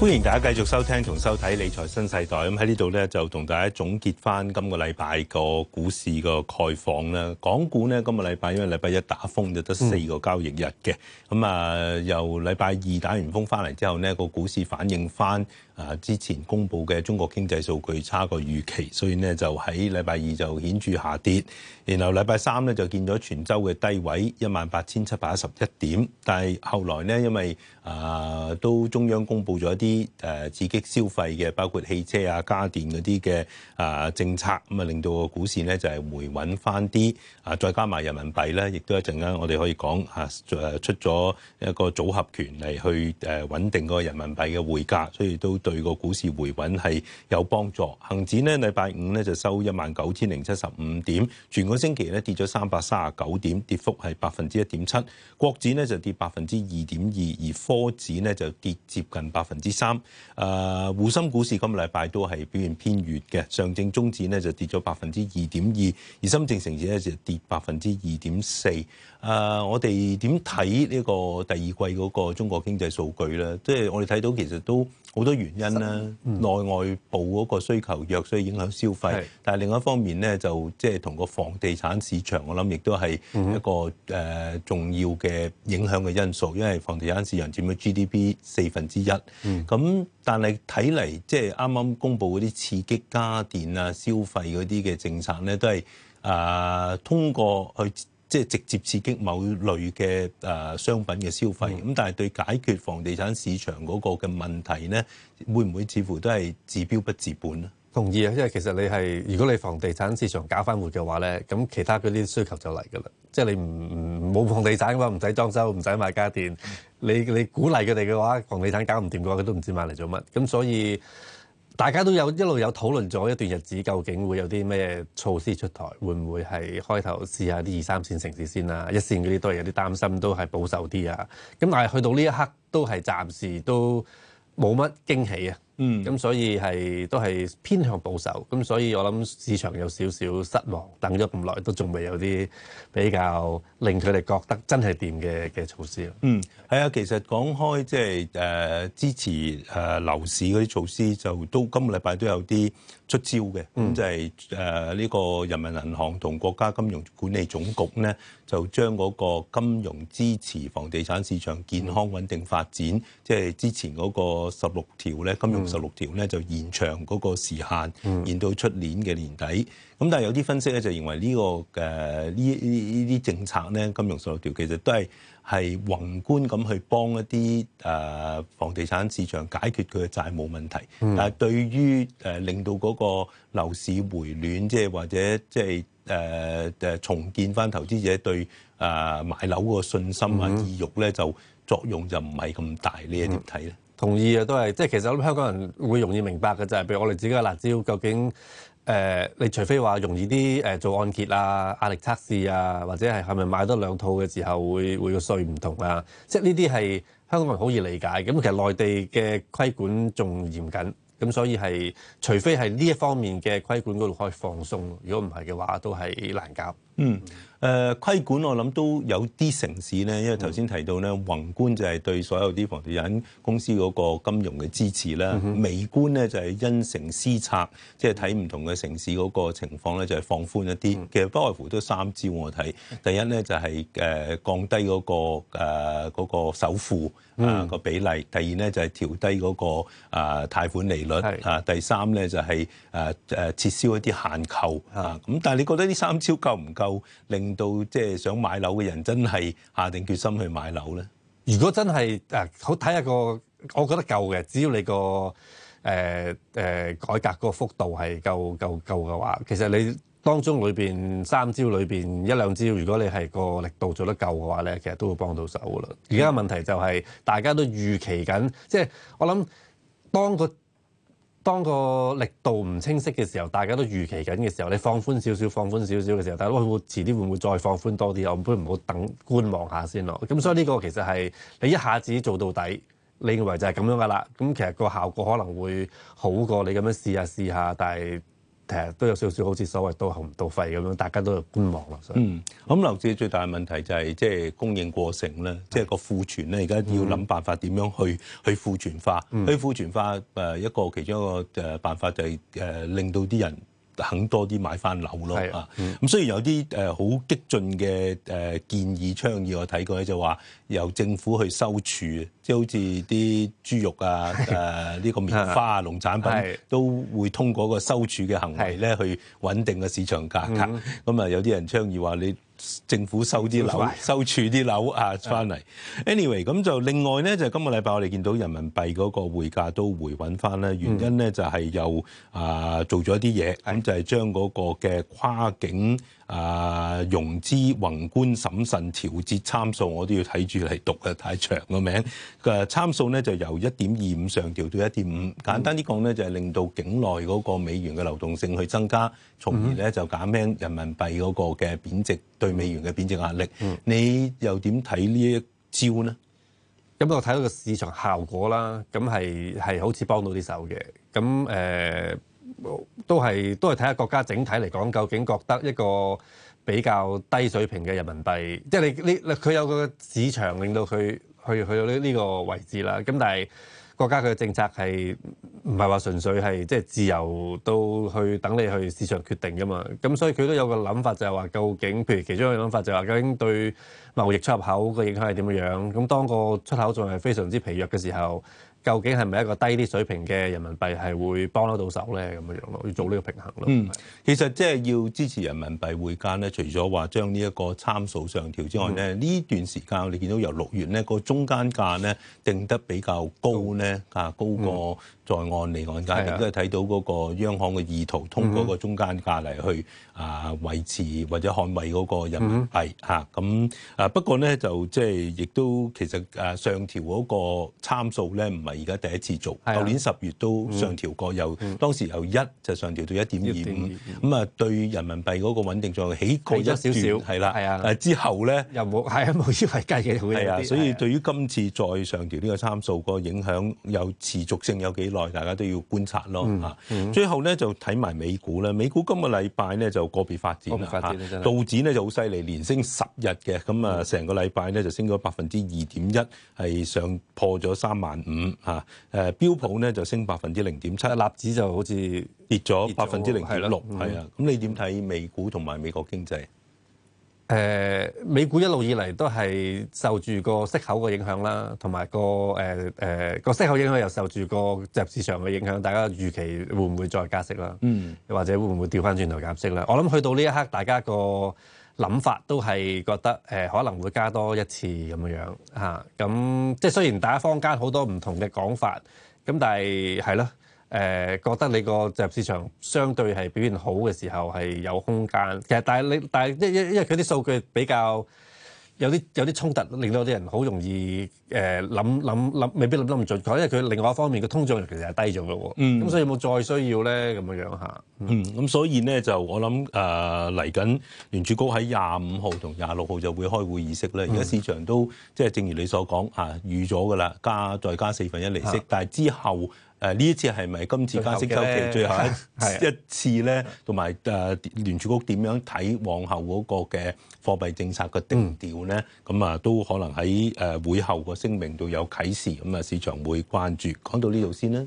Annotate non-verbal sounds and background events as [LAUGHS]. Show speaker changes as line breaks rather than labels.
歡迎大家繼續收聽同收睇《理財新世代》，咁喺呢度咧就同大家總結翻今個禮拜個股市個概況啦。港股咧今個禮拜因為禮拜一打風就得四個交易日嘅，咁啊、嗯嗯、由禮拜二打完風翻嚟之後咧、個股市反映翻。啊！之前公布嘅中國經濟數據差過預期，所以呢就喺禮拜二就顯著下跌。然後禮拜三呢就見到全周嘅低位一萬八千七百一十一點。但係後來呢，因為啊都中央公布咗一啲誒刺激消費嘅，包括汽車啊、家電嗰啲嘅啊政策，咁啊令到個股市呢就係回穩翻啲。啊，再加埋人民幣呢亦都一陣間，我哋可以講啊，誒出咗一個組合拳嚟去誒穩定個人民幣嘅匯價，所以都。對個股市回穩係有幫助。恒指呢禮拜五咧就收一萬九千零七十五點，全個星期咧跌咗三百三十九點，跌幅係百分之一點七。國指咧就跌百分之二點二，而科指咧就跌接近百分之三。誒、呃，滬深股市今個禮拜都係表現偏弱嘅。上證綜指咧就跌咗百分之二點二，而深證成指咧就跌百分之二點四。我哋點睇呢個第二季嗰個中國經濟數據咧？即、就、係、是、我哋睇到其實都。好多原因啦，內外部嗰個需求弱所以影響消費，但係另外一方面咧，就即係同個房地產市場，我諗亦都係一個誒、呃、重要嘅影響嘅因素，因為房地產市場佔咗 GDP 四分之一。咁、嗯、但係睇嚟，即係啱啱公布嗰啲刺激家電啊消費嗰啲嘅政策咧，都係啊、呃、通過去。即係直接刺激某類嘅誒商品嘅消費，咁但係對解決房地產市場嗰個嘅問題咧，會唔會似乎都係治標不治本咧？同意啊，因為其實你係如
果你房地產市場搞返活嘅話咧，咁其他嗰啲需求就嚟㗎喇。即係你唔唔冇房地產嘅話，唔使裝修，唔使買家電，你你鼓勵佢哋嘅話，房地產搞唔掂嘅話，佢都唔知買嚟做乜。咁所以。大家都有一路有討論咗一段日子，究竟會有啲咩措施出台？會唔會係開頭試下啲二三線城市先啦？一線嗰啲都係有啲擔心，都係保守啲啊。咁但係去到呢一刻，都係暫時都冇乜驚喜啊。嗯，咁所以係都係偏向保守，咁所以我諗市場有少少失望，等咗咁耐都仲未有啲比較令佢哋覺
得真係掂嘅嘅措施。嗯，係啊，其實講開即係誒支持誒樓市嗰啲措施，就都今個禮拜都有啲出招嘅，咁即係誒呢個人民銀行同國家金融管理總局咧，就將嗰個金融支持房地產市場健康穩定發展，即係、嗯、之前嗰個十六條咧金融。十六條咧就延長嗰個時限，延到出年嘅年底。咁但係有啲分析咧就認為呢個誒呢呢啲政策咧，金融十六條其實都係係宏觀咁去幫一啲誒房地產市場解決佢嘅債務問題。但係對於誒令到嗰個樓市回暖，即係或者即係誒誒重建翻投資者對誒買樓個信心啊意欲咧，就作用就唔係咁大。你又點睇咧？同意
啊，都係即係其實我諗香港人會容易明白嘅就係，譬如我哋自己嘅辣椒究竟誒、呃，你除非話容易啲誒做按揭啊、壓力測試啊，或者係係咪買多兩套嘅時候會會個稅唔同啊，即係呢啲係香港人好易理解。咁其實內地嘅規管仲嚴謹，咁所以係除非係呢一方面嘅規管嗰度可以
放鬆，如果唔係嘅話，都係難搞。嗯，誒、呃、規管我諗都有啲城市咧，因為頭先提到咧宏觀就係對所有啲房地產公司嗰個金融嘅支持啦，嗯、哼微觀咧就係因城施策，即係睇唔同嘅城市嗰個情況咧就係、是、放寬一啲，嗯、其實不外乎都三招我睇，第一咧就係、是、降低嗰、那個啊那個首付啊個比例，嗯、第二咧就係、是、調低嗰、那個啊貸款利率是啊，第三咧就係誒誒撤銷一啲限購啊，咁但係你覺得呢三招夠唔夠？令到即係想買樓嘅人真係下定決心去買樓咧。如果真係誒，好睇下個，我覺得夠嘅。
只要你個誒誒改革個幅度係夠夠夠嘅話，其實你當中裏邊三招裏邊一兩招，如果你係個力度做得夠嘅話咧，其實都會幫到手噶啦。而家問題就係、是、大家都預期緊，即係我諗當個。當個力度唔清晰嘅時候，大家都預期緊嘅時候，你放寬少少，放寬少少嘅時候，但係喂，會遲啲會唔會再放寬多啲？我唔會唔好等觀望下先咯。咁所以呢個其實係你一下子做到底，你認為就係咁樣噶啦。咁其實個效果可能會好過你咁樣試下試下，但係。其實都有少少
好似所謂到喉唔到肺咁樣，大家都係觀望咯、嗯。嗯，咁樓市最大嘅問題就係即係供應過剩咧，即、就、係、是、個庫存咧，而家要諗辦法點樣去、嗯、去庫存化，去庫存化誒一個其中一個誒、呃、辦法就係、是、誒、呃、令到啲人。肯多啲買翻樓咯啊！咁、嗯、雖然有啲誒好激進嘅誒建議倡議，我睇過咧就話由政府去收儲，即係好似啲豬肉啊、誒呢、 [LAUGHS] 呃呢個棉花啊、農產品的都會通過個收儲嘅行為咧去穩定個市場價格。咁啊的，嗯、有啲人倡議話你。政府收啲樓，收儲啲樓啊，翻嚟。Anyway，咁就另外呢，就今個禮拜我哋見到人民幣嗰個匯價都回穩翻咧。原因呢，就係、是、又啊、呃、做咗一啲嘢，咁就係、是、將嗰個嘅跨境啊、呃、融資宏觀審慎調節參數，我都要睇住嚟讀嘅，太長個名。嘅參數呢，就由一點二五上調到一點五，簡單啲講呢，就係、是、令到境內嗰個美元嘅流動性去增加，從而呢，就減輕人民幣嗰個嘅貶值對美元嘅貶值壓力，你又點睇呢一招呢？咁、嗯、我睇到個市場效果啦，咁係
係好似幫到啲手嘅。咁誒、呃，都係都係睇下國家整體嚟講，究竟覺得一個比較低水平嘅人民幣，即係你你佢有個市場令到佢去去到呢呢個位置啦。咁但係。國家佢嘅政策係唔係話純粹係即係自由到去等你去市場決定㗎嘛？咁所以佢都有個諗法就係話，究竟譬如其中一個諗法就係話，究竟對貿易出入口嘅影響係點樣樣？咁當個出口仲係非常之疲弱嘅時候。究竟係咪一
個低啲水平嘅人民幣係會幫得到手咧？咁嘅樣咯，要做呢個平衡咯。嗯，其實即係要支持人民幣匯價咧，除咗話將呢一個參數上調之外咧，呢、嗯、段時間你見到由六月咧、嗰個中間價咧定得比較高咧，啊、嗯、高過在岸離岸價，亦都係睇到嗰個央行嘅意圖，通過嗰個中間價嚟去啊維持或者捍衞嗰個人民幣嚇。咁、嗯、啊不過咧就即係亦都其實誒上調嗰個參數咧唔係。而家第一次做，舊年十月都上調過，由當時由一就上調到一點二五，咁啊對人民幣嗰個穩定作用起過一少少。係啦，之後咧又冇，係啊
冇以為計幾好嘅。所以
對於今次再上調呢個參數個影響，有持續性，有幾耐，大家都要觀察咯嚇。最後咧就睇埋美股啦，美股今個禮拜咧就個別發展啦嚇，道指咧就好犀利，連升十日嘅，咁啊成個禮拜咧就升咗百分之二點一，係上破咗三萬五。嚇，誒、啊啊、標普咧就升百分之零點七，納指就好似跌咗百分之零點六，係啊，咁你點睇美股同埋美國經濟？誒、呃，美股一路以嚟都
係受住個息口嘅影響啦，同埋個誒誒、呃、個息口影響又受住個集市場嘅影響，大家預期會唔會再加息啦？嗯，或者會唔會調翻轉頭減息啦？我諗去到呢一刻，大家個諗法都係覺得誒、呃、可能會加多一次咁樣樣嚇，咁、啊、即係雖然大家坊間好多唔同嘅講法，咁但係係咯誒，覺得你個入市場相對係表現好嘅時候係有空間。其實但係你但係因因因為佢啲數據比較有啲有啲衝突，令到啲人好容易。誒諗諗諗，未必諗得咁準確，因為佢另外一方面嘅通脹其實係
低咗嘅、嗯。嗯，咁、嗯、所以有冇再需要咧？咁樣樣嚇。嗯，咁所以咧就我諗誒嚟緊聯儲局喺廿五號同廿六號就會開會議息咧。而家、嗯、市場都即係、就是、正如你所講嚇、啊、預咗㗎啦，加再加四分一利息，啊、但係之後誒呢一次係咪今次加息週期最後一一次咧？同埋誒聯儲局點樣睇往後嗰個嘅貨幣政策嘅定調咧？咁、嗯、啊都可能喺誒、呃、會後個聲明都有啟示，咁啊市場會關注。講到呢度先啦。